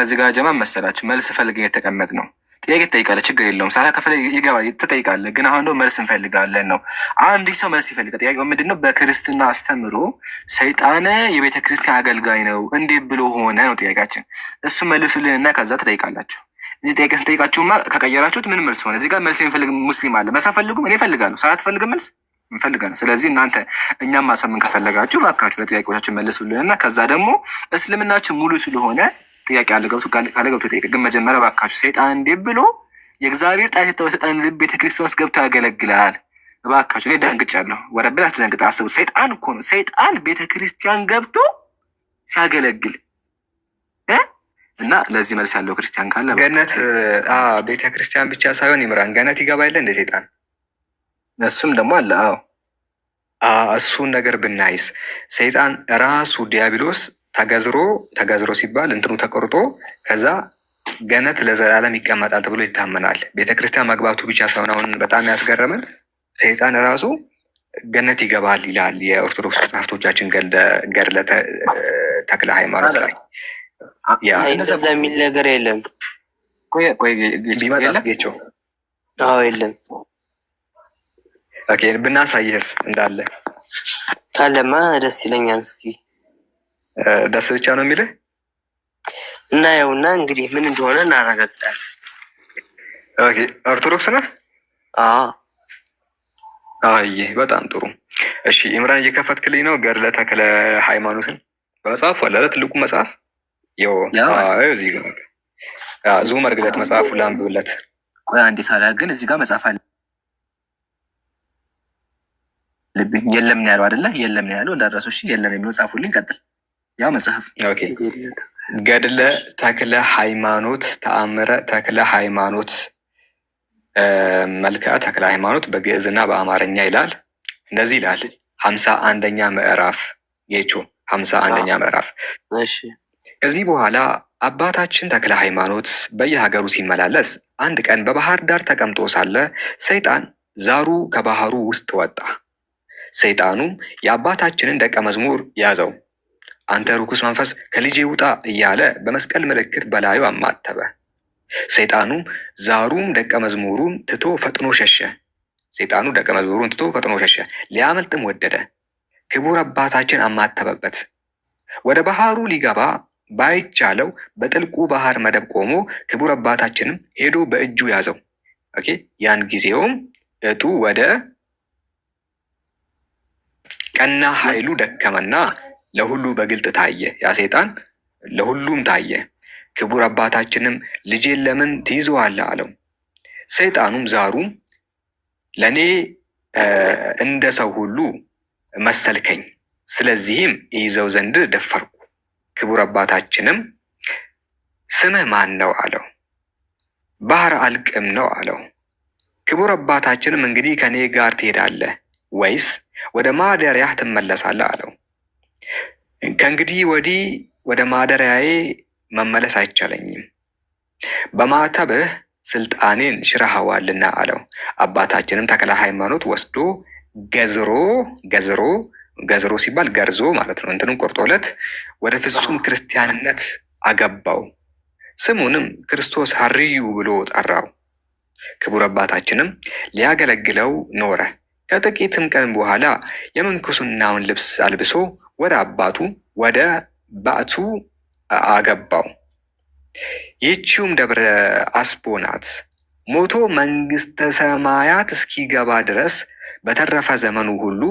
እዚህ ጋር ጀማ መሰላችሁ መልስ ፈልገን የተቀመጥ ነው። ጥያቄ ትጠይቃለህ፣ ችግር የለውም። ሳላ ከፈለ ይገባ ትጠይቃለ። ግን አሁን ደ መልስ እንፈልጋለን ነው። አንድ ሰው መልስ ይፈልጋል። ጥያቄው ምንድን ነው? በክርስትና አስተምሮ ሰይጣን የቤተ ክርስቲያን አገልጋይ ነው እንዴት ብሎ ሆነ ነው ጥያቄያችን። እሱ መልሱልን እና ከዛ ትጠይቃላችሁ። እዚህ ጥያቄ ስንጠይቃችሁማ ከቀየራችሁት ምን መልስ ሆነ? እዚህ ጋር መልስ የሚፈልግ ሙስሊም አለ። መልስ አፈልጉም፣ እኔ ፈልጋለሁ። ሳላ ትፈልግ መልስ እንፈልጋለን። ስለዚህ እናንተ እኛም ማሳምን ከፈለጋችሁ እባካችሁ ለጥያቄዎቻችን መልሱልን እና ከዛ ደግሞ እስልምናችን ሙሉ ስለሆነ ጥያቄ አለ ካለ ገብቶ ጠይቀ። ግን መጀመሪያ ባካችሁ ሰይጣን እንዲህ ብሎ የእግዚአብሔር ጣት የተወ ሰይጣን ቤተክርስቲያን ውስጥ ገብቶ ያገለግላል። ባካችሁ እኔ ደንግጫለሁ። ወረብል አስደንግጣ አስቡ። ሰይጣን እኮ ነው ሰይጣን ቤተክርስቲያን ገብቶ ሲያገለግል እና ለዚህ መልስ ያለው ክርስቲያን ካለ ገነት ቤተክርስቲያን ብቻ ሳይሆን ይምራን ገነት ይገባ የለ እንደ ሰይጣን እሱም ደግሞ አለ። አዎ እሱን ነገር ብናይስ ሰይጣን ራሱ ዲያብሎስ ተገዝሮ ተገዝሮ ሲባል እንትኑ ተቆርጦ ከዛ ገነት ለዘላለም ይቀመጣል ተብሎ ይታመናል። ቤተክርስቲያን መግባቱ ብቻ ሳይሆን አሁን በጣም ያስገረመን ሰይጣን ራሱ ገነት ይገባል ይላል የኦርቶዶክስ መጽሐፍቶቻችን ገድለ ተክለ ሃይማኖት ላይ እንደዛ የሚል ነገር የለም። ቢመጣስጌቸው የለም ብናሳይህስ እንዳለ ካለማ ደስ ይለኛል። እስኪ ዳስ ብቻ ነው የሚልህ እናየውና እንግዲህ ምን እንደሆነ እናረጋግጣለን። ኦኬ ኦርቶዶክስ ነህ? አይ በጣም ጥሩ። እሺ ኢምራን እየከፈትክልኝ ነው ገድለ ተክለ ሃይማኖትን በመጽሐፍ አለ ትልቁ መጽሐፍ አዩ እዚህ ጋር ዙም እርግበት መጽሐፉ ላንብብለት። ቆይ አንዴ ሳላ ግን እዚህ ጋር መጽሐፍ አለ ልብኝ የለም ነው ያለው አይደለ? የለም ነው ያለው እንዳደረሱ። እሺ የለም የሚለው ጻፉልኝ። ቀጥል ያ መጽሐፍ ገድለ ተክለ ሃይማኖት ተአምረ ተክለ ሃይማኖት መልክዓ ተክለ ሃይማኖት በግዕዝና በአማርኛ ይላል። እንደዚህ ይላል ሀምሳ አንደኛ ምዕራፍ ጌቾ ሀምሳ አንደኛ ምዕራፍ። ከዚህ በኋላ አባታችን ተክለ ሃይማኖት በየሀገሩ ሲመላለስ አንድ ቀን በባህር ዳር ተቀምጦ ሳለ ሰይጣን ዛሩ ከባህሩ ውስጥ ወጣ። ሰይጣኑም የአባታችንን ደቀ መዝሙር ያዘው አንተ ርኩስ መንፈስ ከልጄ ውጣ እያለ በመስቀል ምልክት በላዩ አማተበ። ሰይጣኑም ዛሩም ደቀ መዝሙሩን ትቶ ፈጥኖ ሸሸ። ሰይጣኑ ደቀ መዝሙሩን ትቶ ፈጥኖ ሸሸ፣ ሊያመልጥም ወደደ። ክቡር አባታችን አማተበበት። ወደ ባህሩ ሊገባ ባይቻለው በጥልቁ ባህር መደብ ቆሞ ክቡር አባታችንም ሄዶ በእጁ ያዘው። ኦኬ ያን ጊዜውም እጡ ወደ ቀና ኃይሉ ደከመና ለሁሉ በግልጥ ታየ። ያ ሰይጣን ለሁሉም ታየ። ክቡር አባታችንም ልጄን ለምን ትይዘዋለህ አለው። ሰይጣኑም ዛሩም ለእኔ እንደ ሰው ሁሉ መሰልከኝ፣ ስለዚህም ይዘው ዘንድ ደፈርኩ። ክቡር አባታችንም ስምህ ማን ነው አለው። ባህር አልቅም ነው አለው። ክቡር አባታችንም እንግዲህ ከእኔ ጋር ትሄዳለህ ወይስ ወደ ማደሪያህ ትመለሳለህ አለው። ከእንግዲህ ወዲህ ወደ ማደሪያዬ መመለስ አይቻለኝም፣ በማተብህ ስልጣኔን ሽረሃዋልና አለው። አባታችንም ተክለ ሃይማኖት ወስዶ ገዝሮ ገዝሮ ገዝሮ ሲባል ገርዞ ማለት ነው። እንትንም ቆርጦለት ወደ ፍጹም ክርስቲያንነት አገባው። ስሙንም ክርስቶስ ሀርዩ ብሎ ጠራው። ክቡር አባታችንም ሊያገለግለው ኖረ። ከጥቂትም ቀን በኋላ የምንኩስናውን ልብስ አልብሶ ወደ አባቱ ወደ ባቱ አገባው። ይህችውም ደብረ አስቦ ናት። ሞቶ መንግስተ ሰማያት እስኪገባ ድረስ በተረፈ ዘመኑ ሁሉ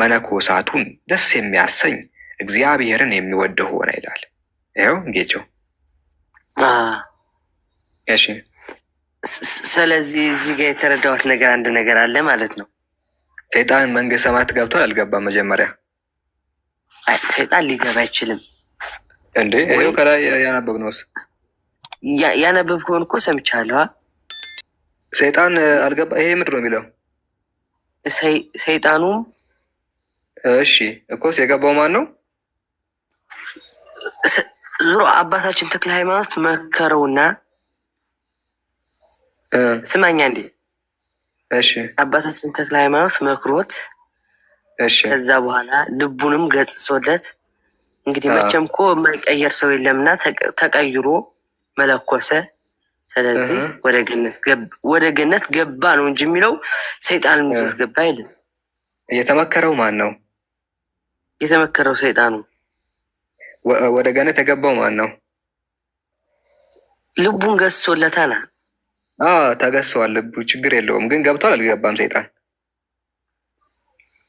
መነኮሳቱን ደስ የሚያሰኝ እግዚአብሔርን የሚወድ ሆነ ይላል። ይኸው ጌቸው። እሺ፣ ስለዚህ እዚህ ጋር የተረዳሁት ነገር አንድ ነገር አለ ማለት ነው። ሰይጣን መንግስተ ሰማያት ገብቷል አልገባም መጀመሪያ ሰይጣን ሊገባ አይችልም። እንዴ ይኸው ከላይ ያነበብነውስ ያነበብከውን እኮ ሰምቻለሁ። ሰይጣን አልገባ ይሄ ምንድን ነው የሚለው? ሰይጣኑም እሺ እኮስ የገባው ማን ነው? ዙሮ አባታችን ተክለ ሃይማኖት መከረውና ስማኛ እንዴ እሺ አባታችን ተክለ ሃይማኖት መክሮት ከዛ በኋላ ልቡንም ገጽሶለት እንግዲህ መቼም እኮ የማይቀየር ሰው የለምና ተቀይሮ መለኮሰ። ስለዚህ ወደ ገነት ወደ ገነት ገባ ነው እንጂ የሚለው ሰይጣን ሚስ ገባ አይልም። የተመከረው ማን ነው? የተመከረው ሰይጣኑ። ወደ ገነት የገባው ማን ነው? ልቡን ገዝሶለታና ተገዝሷል። ልቡ ችግር የለውም ግን ገብቷል። አልገባም ሰይጣን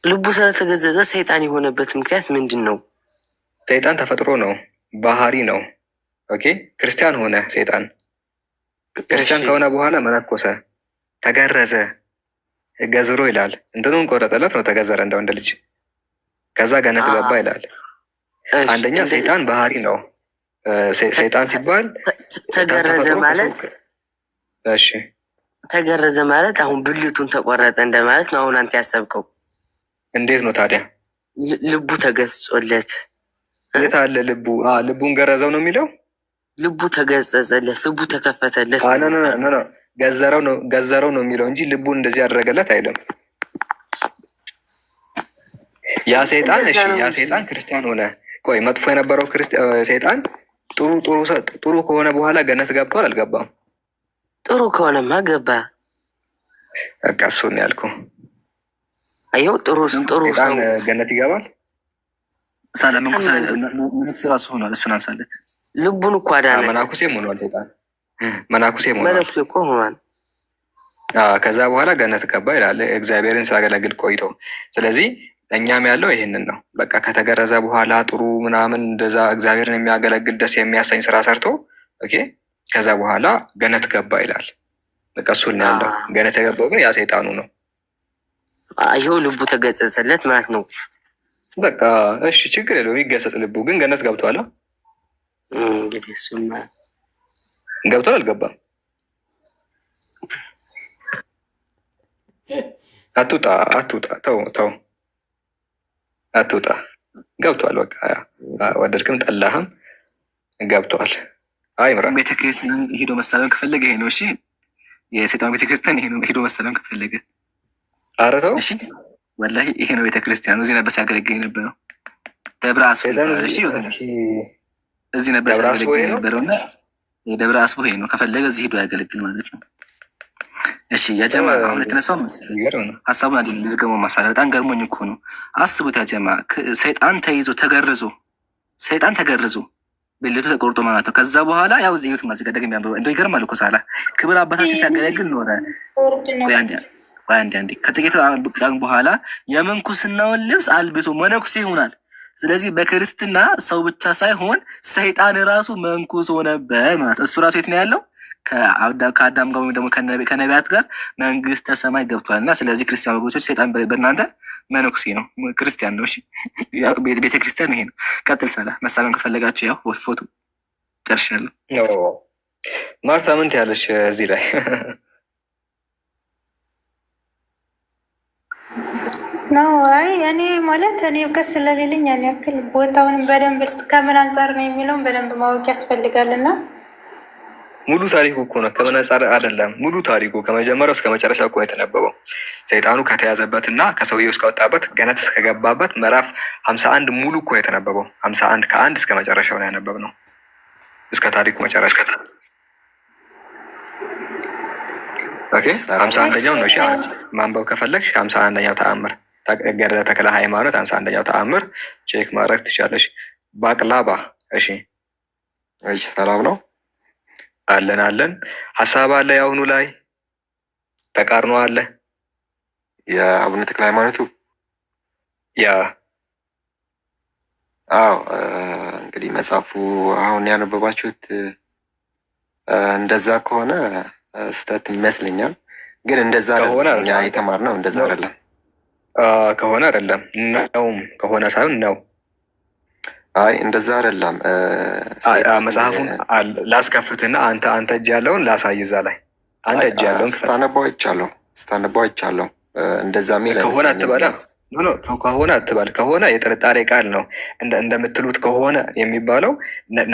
ልቡ ስለተገዘዘ ሰይጣን የሆነበት ምክንያት ምንድን ነው? ሰይጣን ተፈጥሮ ነው፣ ባህሪ ነው። ኦኬ ክርስቲያን ሆነ ሰይጣን። ክርስቲያን ከሆነ በኋላ መነኮሰ፣ ተገረዘ። ገዝሮ ይላል እንትኑን ቆረጠለት ነው ተገዘረ፣ እንደ እንደ ልጅ ከዛ ገነት ገባ ይላል። አንደኛ ሰይጣን ባህሪ ነው። ሰይጣን ሲባል ተገረዘ ማለት እሺ፣ ተገረዘ ማለት አሁን ብልቱን ተቆረጠ እንደማለት ነው። አሁን አንተ ያሰብከው እንዴት ነው ታዲያ ልቡ ተገዝጾለት የት አለ ልቡ? ልቡን ገረዘው ነው የሚለው። ልቡ ተገጸጸለት፣ ልቡ ተከፈተለት። ገዘረው ነው የሚለው እንጂ ልቡን እንደዚህ ያደረገለት አይደለም። ያ ሰይጣን እሺ፣ ያ ሰይጣን ክርስቲያን ሆነ። ቆይ መጥፎ የነበረው ሰይጣን ጥሩ ጥሩ ጥሩ ከሆነ በኋላ ገነት ገባል አልገባም? ጥሩ ከሆነማ ገባ። በቃ እሱን ያልኩ አየው ጥሩ ስም ጥሩ ሰው ገነት ይገባል። ሰላም ምንክስ ራሱ ሆኗል። እሱን አንሳለት። ልቡን እኮ አዳነ። መናኩሴም ሆኗል። ሰይጣን መናኩሴም ሆኗል። መነኩሴ እኮ ሆኗል። ከዛ በኋላ ገነት ገባ ይላል። እግዚአብሔርን ሲያገለግል ቆይቶ ስለዚህ እኛም ያለው ይህንን ነው። በቃ ከተገረዘ በኋላ ጥሩ ምናምን እንደዛ እግዚአብሔርን የሚያገለግል ደስ የሚያሰኝ ስራ ሰርቶ ኦኬ፣ ከዛ በኋላ ገነት ገባ ይላል። በቃ እሱን ያለው ገነት የገባው ግን ያ ሰይጣኑ ነው። ይኸው ልቡ ተገጸጸለት ማለት ነው። በቃ እሺ፣ ችግር የለውም ይገሰጽ ልቡ። ግን ገነት ገብቷል። እንግዲህ እሱም ገብቷል። አልገባም አትውጣ፣ አትውጣ፣ ተው፣ ተው፣ አትውጣ። ገብቷል። በቃ ወደድክም ጠላህም ገብቷል። አይምራል። ቤተክርስቲያን ሄዶ መሳለም ከፈለገ ይሄ ነው። እሺ፣ የሴጣን ቤተክርስቲያን ሄዶ መሳለም ከፈለገ ኧረ ተው ወላሂ፣ ይሄ ነው ቤተክርስቲያኑ። እዚህ ነበር ሲያገለግል የነበረው ደብረ አስቦ እዚህ ነበር ሲያገለግል የነበረው እና የደብረ አስቦ ይሄ ነው። ከፈለገ እዚህ ሄዶ ያገለግል ማለት ነው። እሺ ያጀማ አሁን የተነሳው መሰለኝ ሀሳቡን አይደል ማሳለ በጣም ገርሞኝ እኮ ነው። አስቡት ያጀማ ሰይጣን ተይዞ ተገርዞ ሰይጣን ተገርዞ ብልቱ ተቆርጦ ማለት ነው። ከዛ በኋላ ያው ዜዩት ማዘጋደግ የሚያምሩ እንደ ይገርማል እኮ ሳላ ክብር አባታችን ሲያገለግል ኖረ አንድ አንዴ ከጥቂት ቀን በኋላ የምንኩስናውን ልብስ አልብሶ መነኩሴ ይሆናል። ስለዚህ በክርስትና ሰው ብቻ ሳይሆን ሰይጣን ራሱ መንኩስ ሆነበት ማለት እሱ ራሱ የት ነው ያለው? ከአዳም ጋር ወይም ደግሞ ከነቢያት ጋር መንግስተ ሰማይ ገብቷል። እና ስለዚህ ክርስቲያን ወገኖች ሰይጣን በእናንተ መነኩሴ ነው፣ ክርስቲያን ነው። እሺ ቤተክርስቲያን ይሄ ነው። ቀጥል። ሰላ መሳለን ከፈለጋቸው ያው ፎቶ ጨርሻለሁ። ማርታ ምን ትያለሽ እዚህ ላይ? ነው። አይ እኔ ማለት እኔ እውቀት ስለሌለኝ ያን ያክል ቦታውን በደንብ ከምን አንጻር ነው የሚለውን በደንብ ማወቅ ያስፈልጋል እና ሙሉ ታሪኩ እኮ ነው። ከምን አንጻር አይደለም፣ ሙሉ ታሪኩ ከመጀመሪያው እስከ መጨረሻ እኮ የተነበበው። ሰይጣኑ ከተያዘበት እና ከሰውየው እስከወጣበት ገነት እስከገባበት ምዕራፍ ሀምሳ አንድ ሙሉ እኮ የተነበበው። ሀምሳ አንድ ከአንድ እስከ መጨረሻው ነው ያነበብነው፣ እስከ ታሪኩ መጨረሻ ሀምሳ አንደኛው ነው። ማንበብ ከፈለግሽ ሀምሳ አንደኛው ተአምር ገድለ ተክለ ሃይማኖት አምሳ አንደኛው ተአምር ቼክ ማድረግ ትችላለሽ። ባቅላባ እሺ፣ እሺ፣ ሰላም ነው አለን አለን። ሀሳብ አለ የአሁኑ ላይ ተቃርኖ አለ የአቡነ ተክለ ሃይማኖቱ ያ አዎ እንግዲህ መጽሐፉ አሁን ያነበባችሁት እንደዛ ከሆነ ስህተት ይመስለኛል። ግን እንደዛ እኛ የተማርነው እንደዛ አይደለም። ከሆነ አይደለም ነውም ከሆነ ሳይሆን ነው። አይ እንደዛ አይደለም። መጽሐፉን ላስከፍትና አንተ አንተ እጅ ያለውን ላሳይ እዛ ላይ አንተ እጅ ያለውን ስታነባው አይቻለሁ ስታነባው አይቻለሁ። እንደዛ ሚል ከሆነ አትበላ ከሆነ አትበል። ከሆነ የጥርጣሬ ቃል ነው። እንደምትሉት ከሆነ የሚባለው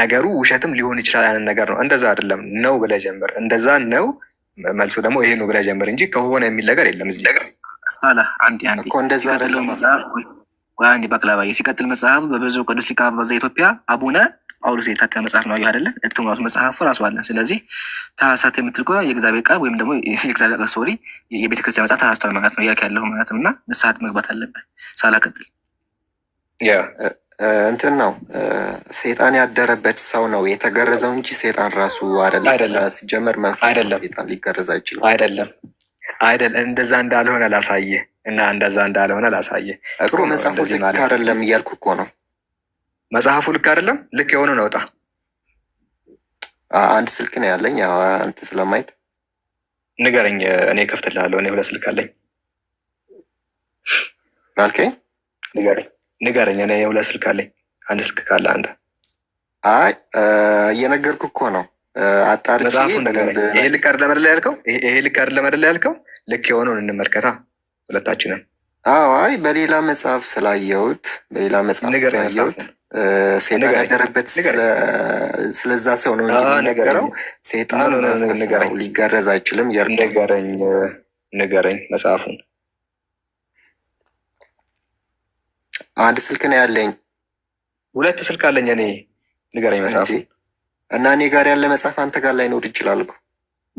ነገሩ ውሸትም ሊሆን ይችላል ያንን ነገር ነው። እንደዛ አይደለም ነው ብለህ ጀምር። እንደዛ ነው መልሱ ደግሞ ይሄ ነው ብለህ ጀምር እንጂ ከሆነ የሚል ነገር የለም እዚህ ነገር ሳላ አንድ አንድ ሲቀጥል መጽሐፍ በብዙ ቅዱስ ሊቀ ጳጳሳት ዘኢትዮጵያ አቡነ ጳውሎስ የታተመ መጽሐፍ ነው። አይደለ እትሙ መጽሐፉ ራሱ አለ። ስለዚህ ታሳት የምትል ከሆነ የእግዚአብሔር ቃል ወይም ደግሞ የእግዚአብሔር ቃል ሶሪ የቤተክርስቲያን መጽሐፍ ተሳስቷል ማለት ነው እያልክ ያለው ማለት ነው። እና ንስሐት መግባት አለበት። ሳላ ቀጥል። ያው እንትን ነው ሴጣን ያደረበት ሰው ነው የተገረዘው እንጂ ሴጣን ራሱ አይደለም። ሲጀመር መንፈስ ሴጣን ሊገረዝ አይችልም አይደለም አይደል? እንደዛ እንዳልሆነ ላሳየ እና እንደዛ እንዳልሆነ ላሳየ። ጥሩ መጽሐፉ ልክ አይደለም እያልኩ እኮ ነው። መጽሐፉ ልክ አይደለም። ልክ የሆኑ ነውጣ አንድ ስልክ ነው ያለኝ። አንተ ስለማየት ንገረኝ፣ እኔ ከፍትልሃለሁ። እኔ ሁለት ስልክ አለኝ አልከኝ። ንገረኝ ንገረኝ፣ እኔ ሁለት ስልክ አለኝ። አንድ ስልክ ካለ አንተ። አይ እየነገርኩ እኮ ነው አጣርቼ ይሄ ልክ አይደለም አይደል ያልከው? ይሄ ልክ አይደለም አይደል ያልከው? ልክ የሆነውን እንመልከታ ሁለታችንም። አዎ አይ በሌላ መጽሐፍ ስላየሁት በሌላ መጽሐፍ ስላየሁት ሴጣን ያደረበት ስለዛ ሰው ነው የሚነገረው። ሴጣን ሊገረዝ አይችልም። ንገረኝ ንገረኝ መጽሐፉን። አንድ ስልክ ነው ያለኝ፣ ሁለት ስልክ አለኝ እኔ። ንገረኝ መጽሐፉን እና እኔ ጋር ያለ መጽሐፍ አንተ ጋር ላይ ኖር ይችላል እኮ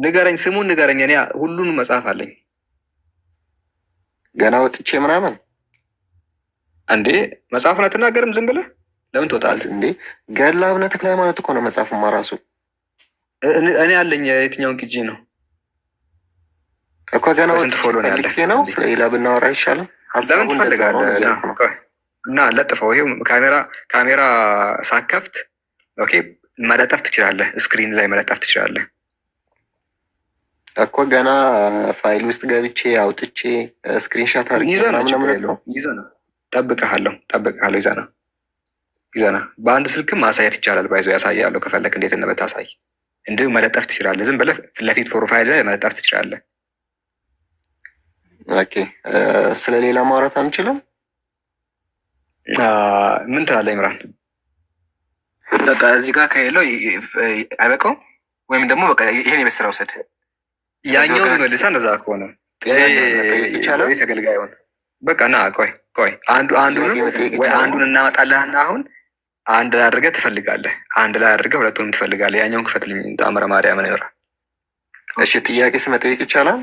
ንገረኝ፣ ስሙን ንገረኝ። እኔ ሁሉን መጽሐፍ አለኝ። ገና ወጥቼ ምናምን እንዴ መጽሐፍን አትናገርም? ዝም ብለህ ለምን ትወጣለህ እንዴ? ገድለ አቡነ ተክለ ሃይማኖት እኮ ነው መጽሐፍማ ራሱ። እኔ አለኝ። የትኛውን ቅጂ ነው እኮ ገና ወጥቼ ነው። ስለሌላ ብናወራ ይሻላል። ሀሳቡ እንደዛ እና ለጥፈው። ይሄው ካሜራ ካሜራ ሳከፍት ኦኬ መለጠፍ ትችላለህ፣ ስክሪን ላይ መለጠፍ ትችላለህ እኮ ገና ፋይል ውስጥ ገብቼ አውጥቼ ስክሪንሻት አድርጌ ይዘና ጠብቀሃለሁ ጠብቀሃለሁ ይዘና ይዘና በአንድ ስልክም ማሳየት ይቻላል። ባይዞ ያሳያለሁ ከፈለክ እንዴት እንደምታሳይ እንዲሁ መለጠፍ ትችላለ። ዝም ብለህ ፊት ለፊት ፕሮፋይል ላይ መለጠፍ ትችላለ። ኦኬ ስለሌላ ማውራት አንችልም። ምን ትላለህ ኢምራን? በቃ እዚህ ጋር ከሌለው አይበቃው ወይም ደግሞ በቃ ይሄን የበስራ ውሰድ፣ ያኛው ዝመልሳ እንደዛ ከሆነ ተገልጋይ ሆነ። በቃ ና ቆይ ቆይ አንዱ አንዱንም ወይ አንዱን እናመጣለህና አሁን አንድ ላይ አድርገህ ትፈልጋለህ፣ አንድ ላይ አድርገህ ሁለቱንም ትፈልጋለህ። ያኛውን ክፈትልኝ ጣምረ ማርያምን ይኖራል። እሺ ጥያቄ ስመጠየቅ ይቻላል?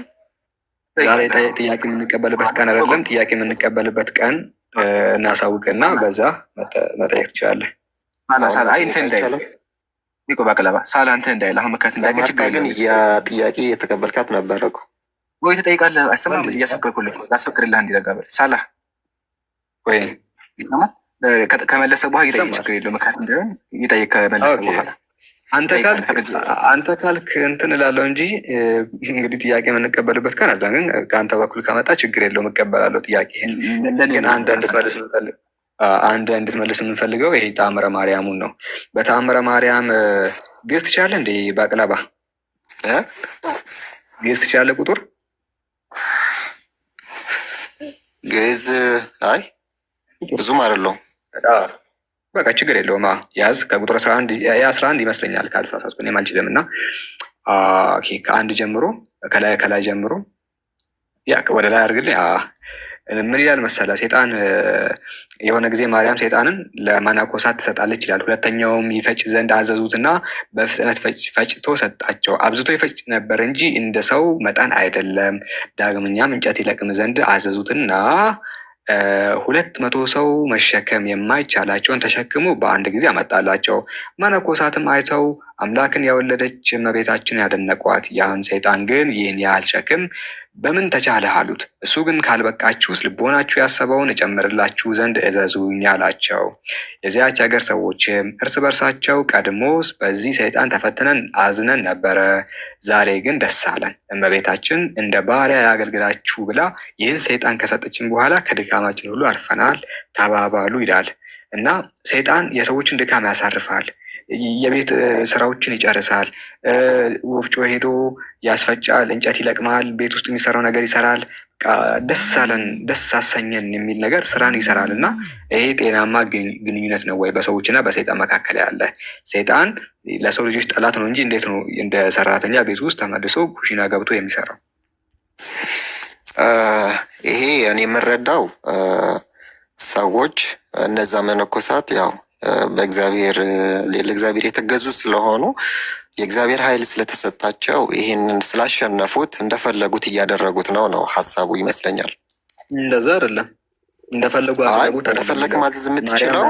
ዛሬ ጥያቄ የምንቀበልበት ቀን አይደለም። ጥያቄ የምንቀበልበት ቀን እናሳውቅና በዛ መጠየቅ ትችላለህ። ጥያቄ የተቀበልካት ነበረ ወይ ላስፈቅርልህ እንዲረጋ በል ሳላ ወይ ከመለሰ በኋላ ይጠይቅ። ችግር የለው መካት ይጠይቅ። ከመለሰ በኋላ አንተ ካልክ እንትን እላለሁ እንጂ እንግዲህ ጥያቄ የምንቀበልበት ቀን አለ። ግን ከአንተ በኩል ከመጣ ችግር የለው እቀበላለሁ። ጥያቄ ግን አንዳንድ መልስ ምፈልግ አንድ እንድትመልስ የምንፈልገው ይሄ ተአምረ ማርያሙን ነው። በተአምረ ማርያም ግዝ ትቻለ እንዴ? በቅለባ ግዝ ትቻለ? ቁጥር ግዝ አይ ብዙም አይደለሁም። በቃ ችግር የለውም። ያዝ ከቁጥር አስራ አንድ ይመስለኛል ካልተሳሳትኩ፣ እኔም አልችልም እና ከአንድ ጀምሮ ከላይ ከላይ ጀምሮ ወደ ላይ አድርግልኝ ምን ይላል መሰለ ሴጣን የሆነ ጊዜ ማርያም ሴጣንን ለመነኮሳት ትሰጣለች ይላል። ሁለተኛውም ይፈጭ ዘንድ አዘዙትና በፍጥነት ፈጭቶ ሰጣቸው። አብዝቶ ይፈጭ ነበር እንጂ እንደ ሰው መጠን አይደለም። ዳግምኛም እንጨት ይለቅም ዘንድ አዘዙትና ሁለት መቶ ሰው መሸከም የማይቻላቸውን ተሸክሞ በአንድ ጊዜ አመጣላቸው። መነኮሳትም አይተው አምላክን ያወለደች እመቤታችን ያደነቋት። ያን ሰይጣን ግን ይህን ያህል ሸክም በምን ተቻለህ አሉት። እሱ ግን ካልበቃችሁስ ልቦናችሁ ያሰበውን እጨምርላችሁ ዘንድ እዘዙኝ አላቸው። የዚያች ሀገር ሰዎችም እርስ በርሳቸው ቀድሞስ በዚህ ሰይጣን ተፈትነን አዝነን ነበረ፣ ዛሬ ግን ደስ አለን። እመቤታችን እንደ ባሪያ ያገልግላችሁ ብላ ይህን ሰይጣን ከሰጠችን በኋላ ከድካማችን ሁሉ አርፈናል ተባባሉ ይላል እና ሰይጣን የሰዎችን ድካም ያሳርፋል። የቤት ስራዎችን ይጨርሳል። ወፍጮ ሄዶ ያስፈጫል፣ እንጨት ይለቅማል፣ ቤት ውስጥ የሚሰራው ነገር ይሰራል። ደስ አለን ደስ አሰኘን የሚል ነገር ስራን ይሰራል እና ይሄ ጤናማ ግንኙነት ነው ወይ በሰዎችና በሰይጣን መካከል ያለ? ሰይጣን ለሰው ልጆች ጠላት ነው እንጂ እንዴት ነው እንደ ሰራተኛ ቤት ውስጥ ተመልሶ ኩሽና ገብቶ የሚሰራው? ይሄ እኔ የምረዳው ሰዎች እነዛ መነኮሳት ያው በእግዚአብሔር ለእግዚአብሔር የተገዙ ስለሆኑ የእግዚአብሔር ኃይል ስለተሰጣቸው ይህንን ስላሸነፉት እንደፈለጉት እያደረጉት ነው ነው ሀሳቡ ይመስለኛል። እንደዛ አይደለም። እንደፈለጉ እንደፈለግ ማዘዝ የምትችለው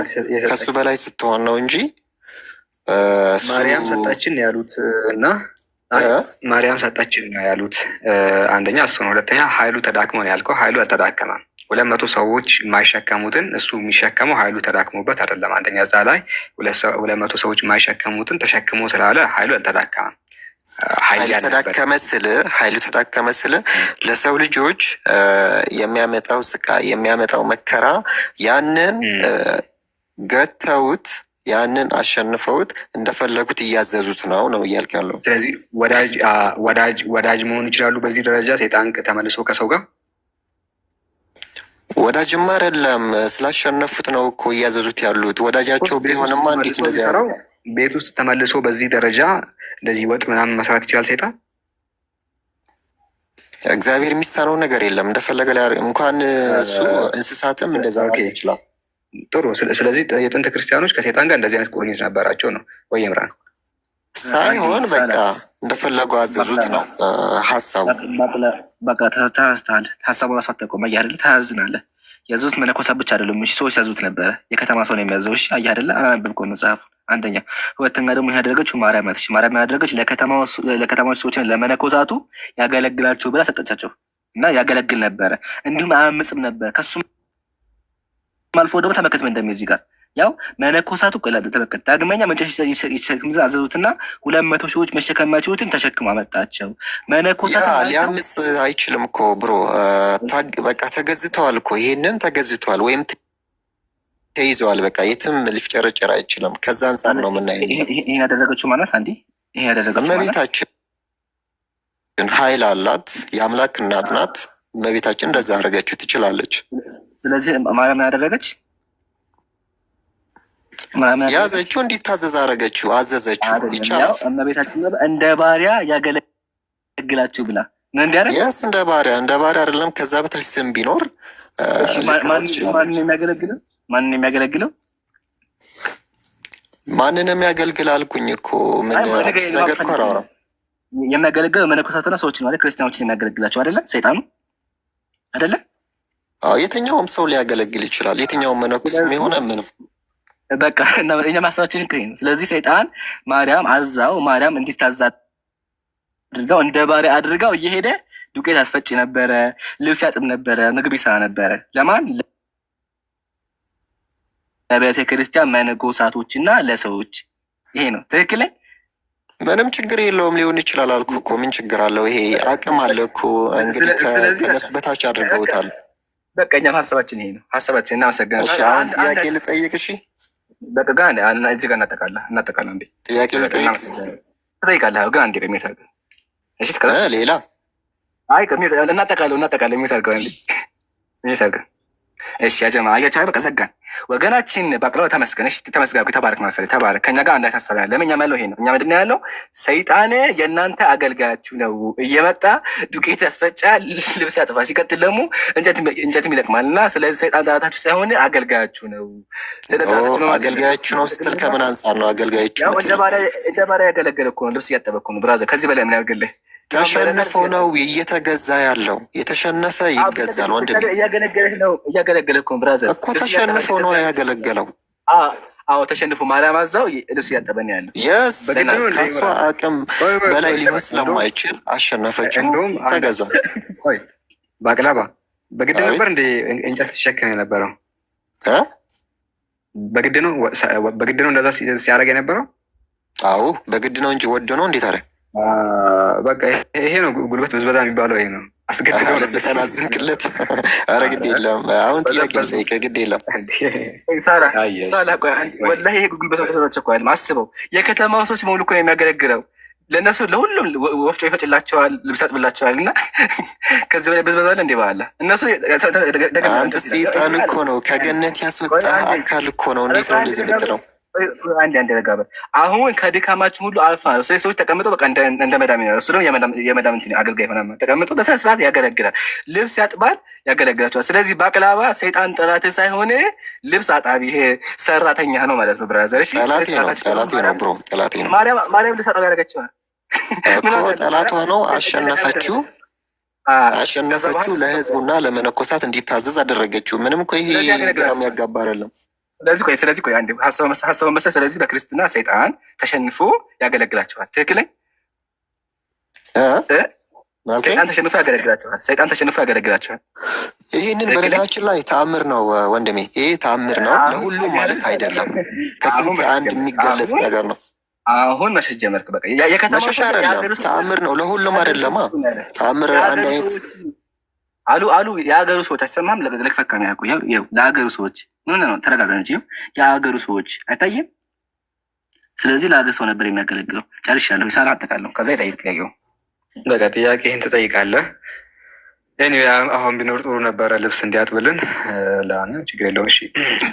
ከሱ በላይ ስትሆን ነው እንጂ ማርያም ሰጣችን ያሉት እና ማርያም ሰጣችን ነው ያሉት አንደኛ እሱ ነው። ሁለተኛ ኃይሉ ተዳክመ ነው ያልከው። ኃይሉ አልተዳከመም። ሁለት መቶ ሰዎች የማይሸከሙትን እሱ የሚሸከመው ኃይሉ ተዳክሞበት አይደለም። አንደኛ እዛ ላይ ሁለት መቶ ሰዎች የማይሸከሙትን ተሸክሞ ስላለ ኃይሉ አልተዳከመም። ኃይሉ ተዳከመ ስል ኃይሉ ተዳከመ ስል ለሰው ልጆች የሚያመጣው ስቃይ የሚያመጣው መከራ ያንን ገተውት ያንን አሸንፈውት እንደፈለጉት እያዘዙት ነው ነው እያልክ ያለው። ስለዚህ ወዳጅ ወዳጅ ወዳጅ መሆን ይችላሉ። በዚህ ደረጃ ሴጣን ተመልሶ ከሰው ጋር ወዳጅም አይደለም ስላሸነፉት ነው እኮ እያዘዙት ያሉት። ወዳጃቸው ቢሆንማ እንዴት እንደዚህ ቤት ውስጥ ተመልሶ በዚህ ደረጃ እንደዚህ ወጥ ምናምን መስራት ይችላል ሰይጣን? እግዚአብሔር የሚሳነው ነገር የለም። እንደፈለገ እንኳን እሱ እንስሳትም እንደዛ ይችላል። ጥሩ። ስለዚህ የጥንት ክርስቲያኖች ከሴጣን ጋር እንደዚህ አይነት ቁርኝት ነበራቸው ነው ወይ? ሳይሆን በቃ እንደፈለጉ አዘዙት ነው ሀሳቡ። በቃ ተያዝተሃል። ሀሳቡ ራሱ አጠቆም። እያደለ አይደለ? ተያዝናለህ። ያዘዙት መነኮሳት ብቻ አይደለም። እሺ ሰዎች ያዙት ነበረ። የከተማ ሰው ነው የሚያዘው። እሺ አየህ አይደለ? አላነበብከውም መጽሐፉን። አንደኛ። ሁለተኛ ደግሞ ይህ ያደረገችው ማርያም ናት። ማርያም ያደረገች ለከተማዎች ሰዎች ለመነኮሳቱ ያገለግላቸው ብላ ሰጠቻቸው እና ያገለግል ነበረ። እንዲሁም አያምፅም ነበር። ከሱም አልፎ ደግሞ ተመከትመ እንደሚዚህ ጋር ያው መነኮሳቱ ቆላል ተበከተ ዳግመኛ መንጨት ይሸክም አዘዙትና ሁለት መቶ ሺዎች መሸከም የማይችሉትን ተሸክም አመጣቸው። መነኮሳት ሊያምጽ አይችልም እኮ ብሮ በቃ ተገዝተዋል እኮ ይሄንን ተገዝተዋል ወይም ተይዘዋል። በቃ የትም ሊፍጨረጨር አይችልም። ከዛ አንጻር ነው ምና ይሄ ያደረገችው ማለት አንዲ ይሄ ያደረገችው እመቤታችን ኃይል አላት፣ የአምላክ እናት ናት። እመቤታችን እንደዛ አደረገችው ትችላለች። ስለዚህ ማርያም ያደረገች ያዘችው እንዲታዘዝ አረገችው፣ አዘዘችው። ይቻላል እመቤታችን እንደ ባሪያ ያገለግላችሁ ብላ ያስ እንደ ባሪያ እንደ ባሪያ አይደለም። ከዛ በታች ስም ቢኖር ማንን የሚያገለግለው ማንን የሚያገልግል አልኩኝ እኮ ምን አዲስ ነገር እኮ አላወራም። የሚያገለግለው መነኮሳትና ሰዎች ነው አይደል? ክርስቲያኖችን የሚያገለግላቸው አይደለም ሰይጣኑ አይደለም። የትኛውም ሰው ሊያገለግል ይችላል። የትኛውም መነኩስ የሆነ ምንም በቃ እኛ ማሰባችን ስለዚህ ሰይጣን ማርያም አዛው ማርያም እንዲታዛ አድርገው እንደ ባሪ አድርጋው እየሄደ ዱቄት አስፈጭ ነበረ፣ ልብስ ያጥብ ነበረ፣ ምግብ ይሰራ ነበረ። ለማን? ለቤተ ክርስቲያን መነኮሳቶች እና ለሰዎች። ይሄ ነው ትክክል። ምንም ችግር የለውም። ሊሆን ይችላል አልኩ እኮ ምን ችግር አለው? ይሄ አቅም አለ እኮ እንግዲህ ከነሱ በታች አድርገውታል። በቃ እኛም ሀሳባችን ይሄ ነው ሀሳባችን። እናመሰግናለን። ጥያቄ ልጠይቅ እሺ በቃ እዚህ ጋር እናጠቃላ እናጠቃላ እንዴ ጥያቄ ጠይቃለሁ ግን አንዴ ቅሜት አድርገህ እሺ። ሌላ አይ ቅሜት እናጠቃለሁ እናጠቃለሁ የሚት አድርገህ እንዴ ሚት አድርገህ እሺ ያጀማ አያቻ በቃ ዘጋን። ወገናችን በቅለው ተመስገን። እሺ ተመስገን። ተባረክ ማፈል ተባረክ። ከኛ ጋር አንዳች ሀሳብ ያለ ለምን ያለው ይሄ ነው። እኛ ምንድን ያለው? ሰይጣን የእናንተ አገልጋያችሁ ነው። እየመጣ ዱቄት ያስፈጫ፣ ልብስ ያጥፋ፣ ሲቀጥል ደግሞ እንጨትም ይለቅማል። እና ስለዚህ ሰይጣን ጠላታችሁ ሳይሆን አገልጋያችሁ ነው። አገልጋያችሁ ነው ስትል ከምን አንጻር ነው? አገልጋያችሁ እንደ ባሪያ ያገለገለ እኮ ነው። ልብስ እያጠበ እኮ ነው። ብራዘር ከዚህ በላይ ምን ያደርግልህ? ተሸንፎ ነው እየተገዛ ያለው። የተሸነፈ ይገዛል። ወንድሜ እያገለገለ ብራዘር እኮ ተሸንፎ ነው ያገለገለው። አዎ ተሸንፎ ማርያም አዛው ልብስ እያጠበን ያለ የስ ከእሷ አቅም በላይ ሊሆን ስለማይችል አሸነፈችው፣ ተገዛ። ባቅላባ በግድ ነበር እንደ እንጨት ሲሸከም የነበረው በግድ ነው፣ በግድ ነው እንደዛ ሲያደርግ የነበረው። አዎ በግድ ነው እንጂ ወዶ ነው እንዴት አለ በቃ ይሄ ነው ጉልበት ብዝበዛ የሚባለው ይሄ ነው። አስገድደው አረ ግድ የለም አሁን ጥያቄ ልጠይቅህ ግድ የለም ሳላ ይሄ ጉልበት መሰረት እኮ አይደለም አስበው የከተማው ሰዎች መሆኑ እኮ ነው የሚያገለግለው ለእነሱ ለሁሉም ወፍጮ ይፈጭላቸዋል፣ ልብስ ያጥብላቸዋል። እና ከዚህ በላይ ብዝበዛለ አለ እንዴ? በኋላ እነሱ አንተ እኮ ነው ከገነት ያስወጣ አካል እኮ ነው። እንዴት ነው እንደዚህ የምትለው? አንድ አንድ ረጋ አሁን ከድካማችን ሁሉ አልፋ ነው። ስለዚህ ሰዎች ተቀምጦ በቃ እንደ መዳም ይሆናል። እሱ ደግሞ የመዳም አገልጋይ ሆና ተቀምጦ በስነ ስርዓት ያገለግላል። ልብስ ያጥባል፣ ያገለግላቸዋል። ስለዚህ ባቅላባ ሰይጣን ጠላት ሳይሆን ልብስ አጣቢ ይሄ ሰራተኛ ነው ማለት ነው። ብራዘር ማርያም ልብስ አጣቢ ያደረገችዋል። ጠላት ሆነው አሸነፈችው አሸነፈችው። ለህዝቡና ለመነኮሳት እንዲታዘዝ አደረገችው። ምንም እኮ ይሄ ግራ ያጋባ አይደለም። ስለዚህ ቆይ ስለዚህ ቆይ አንዴ ሀሳብ መሰለኝ። ስለዚህ በክርስትና ሰይጣን ተሸንፎ ያገለግላቸዋል። ትክክለኝ? ሰይጣን ተሸንፎ ያገለግላቸዋል። ሰይጣን ተሸንፎ ያገለግላቸዋል። ይህንን በነገራችን ላይ ተአምር ነው ወንድሜ፣ ይህ ተአምር ነው። ለሁሉም ማለት አይደለም። ከስንት አንድ የሚገለጽ ነገር ነው። አሁን መሸሽ ጀመርክ። በቃ የከተማ መሸሽ አይደለም፣ ተአምር ነው። ለሁሉም አይደለም። ተአምር አንድ አይነት አሉ አሉ የሀገሩ ሰዎች አይሰማም። ለክፈካ የሚያውቁ ለሀገሩ ሰዎች ምን ነው ተረጋጋ እንጂ የሀገሩ ሰዎች አይታይም። ስለዚህ ለሀገር ሰው ነበር የሚያገለግለው። ጨርሻለሁ። ሳላ አጠቃለሁ። ከዛ ይጠይቅ ጥያቄው። በቃ ጥያቄህን ትጠይቃለህ። ኤኒዌይ አሁን ቢኖር ጥሩ ነበረ። ልብስ እንዲያጥብልን ለሆነ ችግር የለውም። እሺ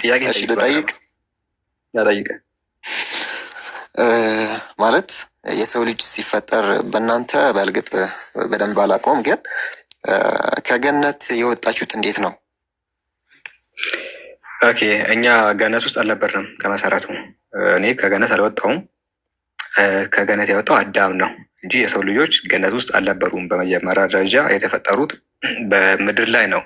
ጥያቄ ልጠይቅ ያጠይቀ ማለት የሰው ልጅ ሲፈጠር በእናንተ በእርግጥ በደንብ አላውቀውም ግን ከገነት የወጣችሁት እንዴት ነው? ኦኬ እኛ ገነት ውስጥ አልነበርንም ከመሰረቱ። እኔ ከገነት አልወጣሁም። ከገነት ያወጣው አዳም ነው እንጂ የሰው ልጆች ገነት ውስጥ አልነበሩም። በመጀመሪያ ደረጃ የተፈጠሩት በምድር ላይ ነው።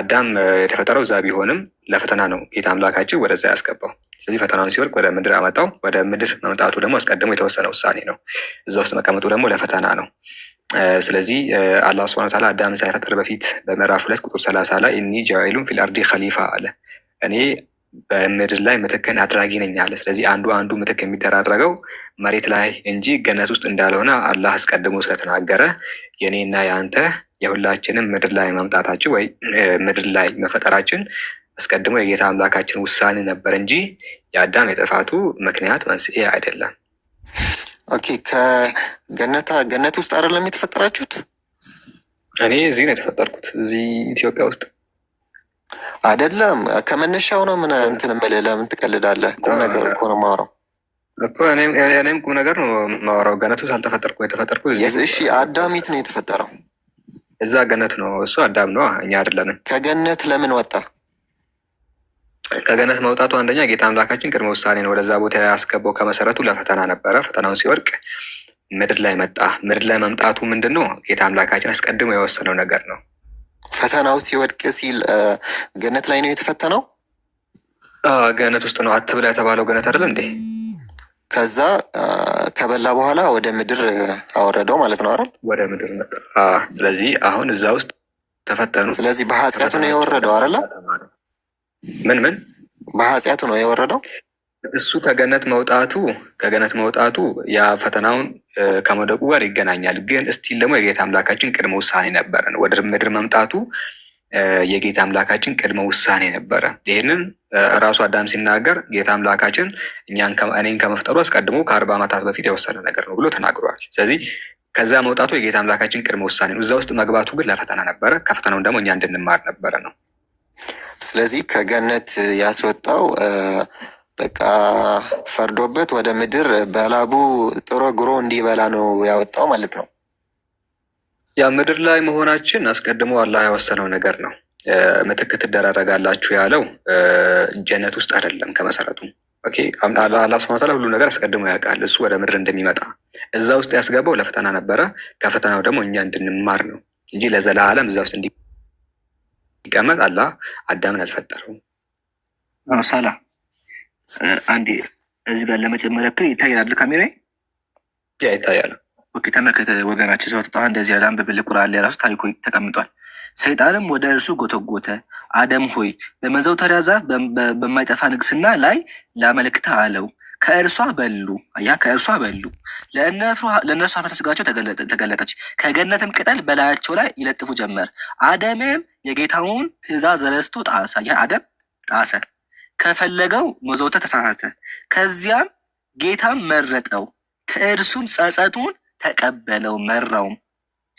አዳም የተፈጠረው እዛ ቢሆንም ለፈተና ነው ጌታ አምላካችን ወደዛ ያስገባው። ስለዚህ ፈተናውን ሲወልቅ ወደ ምድር አመጣው። ወደ ምድር መምጣቱ ደግሞ አስቀድሞ የተወሰነ ውሳኔ ነው። እዛ ውስጥ መቀመጡ ደግሞ ለፈተና ነው። ስለዚህ አላህ ስብሐነ ተዓላ አዳም ሳይፈጥር በፊት በምዕራፍ ሁለት ቁጥር ሰላሳ ላይ እኒ ጃኢሉን ፊል አርዲ ኸሊፋ አለ። እኔ በምድር ላይ ምትክን አድራጊ ነኝ አለ። ስለዚህ አንዱ አንዱ ምትክ የሚደራረገው መሬት ላይ እንጂ ገነት ውስጥ እንዳልሆነ አላህ አስቀድሞ ስለተናገረ የእኔና የአንተ የሁላችንም ምድር ላይ መምጣታችን ወይ ምድር ላይ መፈጠራችን አስቀድሞ የጌታ አምላካችን ውሳኔ ነበር እንጂ የአዳም የጥፋቱ ምክንያት መንስኤ አይደለም። ኦኬ ከገነታ ገነት ውስጥ አይደለም የተፈጠራችሁት? እኔ እዚህ ነው የተፈጠርኩት፣ እዚህ ኢትዮጵያ ውስጥ አይደለም። ከመነሻው ነው። ምን እንትን እምልህ ለምን ትቀልዳለህ? ቁም ነገር እኮ ነው የማወራው እኮ እኔም ቁም ነገር ነው የማወራው። ገነት ውስጥ አልተፈጠርኩም። የተፈጠርኩት እሺ፣ አዳም የት ነው የተፈጠረው? እዛ ገነት ነው። እሱ አዳም ነው፣ እኛ አይደለንም። ከገነት ለምን ወጣ? ከገነት መውጣቱ አንደኛ ጌታ አምላካችን ቅድመ ውሳኔ ነው። ወደዛ ቦታ ያስገባው ከመሰረቱ ለፈተና ነበረ። ፈተናውን ሲወድቅ ምድር ላይ መጣ። ምድር ላይ መምጣቱ ምንድን ነው? ጌታ አምላካችን አስቀድሞ የወሰነው ነገር ነው። ፈተናው ሲወድቅ ሲል ገነት ላይ ነው የተፈተነው። ገነት ውስጥ ነው። አትብላ የተባለው ገነት አይደለም እንዴ? ከዛ ከበላ በኋላ ወደ ምድር አወረደው ማለት ነው አይደል? ወደ ምድር ስለዚህ አሁን እዛ ውስጥ ተፈተኑ። ስለዚህ በኃጢአቱ ነው የወረደው አይደለ? ምን ምን በኃጢአቱ ነው የወረደው እሱ ከገነት መውጣቱ ከገነት መውጣቱ ያ ፈተናውን ከመውደቁ ጋር ይገናኛል። ግን እስቲል ደግሞ የጌታ አምላካችን ቅድመ ውሳኔ ነበረ። ወደ ምድር መምጣቱ የጌታ አምላካችን ቅድመ ውሳኔ ነበረ። ይህንን ራሱ አዳም ሲናገር ጌታ አምላካችን እኔን ከመፍጠሩ አስቀድሞ ከአርባ ዓመታት በፊት የወሰነ ነገር ነው ብሎ ተናግሯል። ስለዚህ ከዛ መውጣቱ የጌታ አምላካችን ቅድመ ውሳኔ ነው። እዛ ውስጥ መግባቱ ግን ለፈተና ነበረ። ከፈተናውን ደግሞ እኛ እንድንማር ነበረ ነው ስለዚህ ከገነት ያስወጣው በቃ ፈርዶበት ወደ ምድር በላቡ ጥሮ ግሮ እንዲበላ ነው ያወጣው ማለት ነው። ያ ምድር ላይ መሆናችን አስቀድሞ አላህ ያወሰነው ነገር ነው። ምትክ ትደራረጋላችሁ ያለው ጀነት ውስጥ አይደለም ከመሰረቱ። አላህ ስብሐ ወተዓላ ሁሉ ነገር አስቀድሞ ያውቃል። እሱ ወደ ምድር እንደሚመጣ እዛ ውስጥ ያስገባው ለፈተና ነበረ። ከፈተናው ደግሞ እኛ እንድንማር ነው እንጂ ለዘላለም እዛ ውስጥ እንዲ ሲቀመጥ አላህ አዳምን አልፈጠረውም። ሳላ አንዴ እዚ ጋር ለመጨመር ያክል ይታያል፣ ካሜራ ያ ይታያል። ተመከተ ወገናችን ሰው ተጣ እንደዚህ ያለ አንብብል ቁርአን ላይ ራሱ ታሪኮ ተቀምጧል። ሰይጣንም ወደ እርሱ ጎተጎተ፣ አደም ሆይ በመዘውተሪያ ዛፍ በማይጠፋ ንግስና ላይ ላመልክተ አለው። ከእርሷ በሉ ያ ከእርሷ በሉ። ለእነርሱ ኃፍረተ ሥጋቸው ተገለጠች፣ ከገነትም ቅጠል በላያቸው ላይ ይለጥፉ ጀመር። አደምም የጌታውን ትእዛዝ ዘረስቶ ጣሰ። ያ አደም ጣሰ፣ ከፈለገው መዘውተር ተሳሳተ። ከዚያም ጌታም መረጠው፣ ከእርሱም ጸጸቱን ተቀበለው መራውም።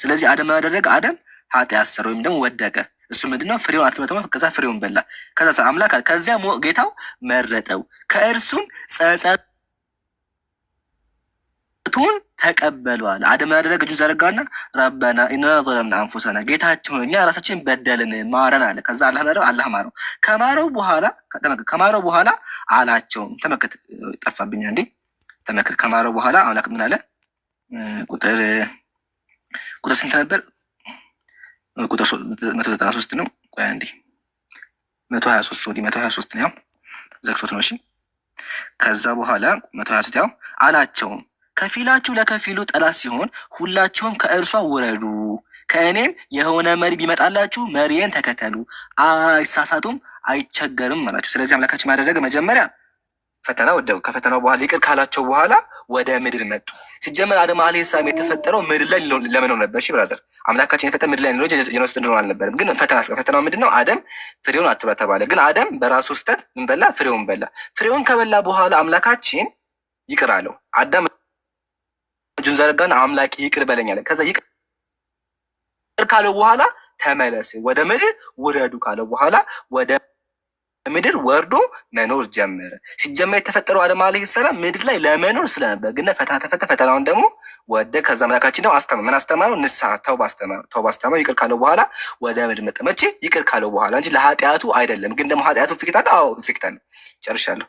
ስለዚህ አደም ያደረገ አደም ኃጢአት ሰራ ወይም ደግሞ ወደቀ። እሱ ምንድነው? ፍሬውን አትመተመ ከዛ ፍሬውን በላ። ከዛ ሰ አምላክ አለ። ከዚያ ጌታው መረጠው፣ ከእርሱም ጸጸቱን ተቀበሏል። አደም ያደረግ እጁን ዘረጋና ረበና ኢና ዘለምና አንፉሰና፣ ጌታችን እኛ ራሳችን በደልን ማረን አለ። ከዛ አላህ ማረው፣ አላህ ማረው። ከማረው በኋላ ከማረው በኋላ አላቸውም። ተመክት ጠፋብኝ እንዴ ተመክት ከማረው በኋላ አምላክ ምን አለ? ቁጥር ቁጥር ስንት ነበር? ቁጥር መቶ ዘጠና ሶስት ነው። ቆይ አንዴ መቶ ሀያ ሶስት መቶ ሀያ ሶስት ያው ዘግቶት ነው። እሺ ከዛ በኋላ መቶ ሀያ ሶስት ያው አላቸውም ከፊላችሁ ለከፊሉ ጠላት ሲሆን ሁላችሁም ከእርሷ ውረዱ፣ ከእኔም የሆነ መሪ ቢመጣላችሁ መሪን ተከተሉ፣ አይሳሳቱም፣ አይቸገርም አላቸው። ስለዚህ አምላካችን ያደረገ መጀመሪያ ፈተና ወደቡ ከፈተናው በኋላ ይቅር ካላቸው በኋላ ወደ ምድር መጡ። ሲጀመር አደም አለ ሳም የተፈጠረው ምድር ላይ ለመኖር ነበር። እሺ ብራዘር፣ አምላካችን የፈጠረው ምድር ላይ ነው። ጀነስ ጥንድ አልነበርም። ግን ፈተና ስ ፈተናው ምንድን ነው? አደም ፍሬውን አትብላ ተባለ። ግን አደም በራሱ ውስጠት ምን በላ? ፍሬውን በላ። ፍሬውን ከበላ በኋላ አምላካችን ይቅር አለው። አዳም እጁን ዘረጋና አምላክ ይቅር በለኛለ። ከዛ ይቅር ካለው በኋላ ተመለስ ወደ ምድር ውረዱ ካለው በኋላ ወደ ምድር ወርዶ መኖር ጀመረ። ሲጀመር የተፈጠረው አደም አለ ሰላም ምድር ላይ ለመኖር ስለነበር ግን ፈተና ተፈተ። ፈተናውን ደግሞ ወደ ከዛ አምላካችን ነው አስተማ ምን አስተማረው? ንስሐ ተውባ አስተማረው። ተውባ አስተማረው ይቅር ካለው በኋላ ወደ ምድር መጠመቼ ይቅር ካለው በኋላ እንጂ ለኃጢአቱ አይደለም። ግን ደግሞ ኃጢአቱ ፍቅት አለ። አዎ ፍቅት አለ። ጨርሻለሁ።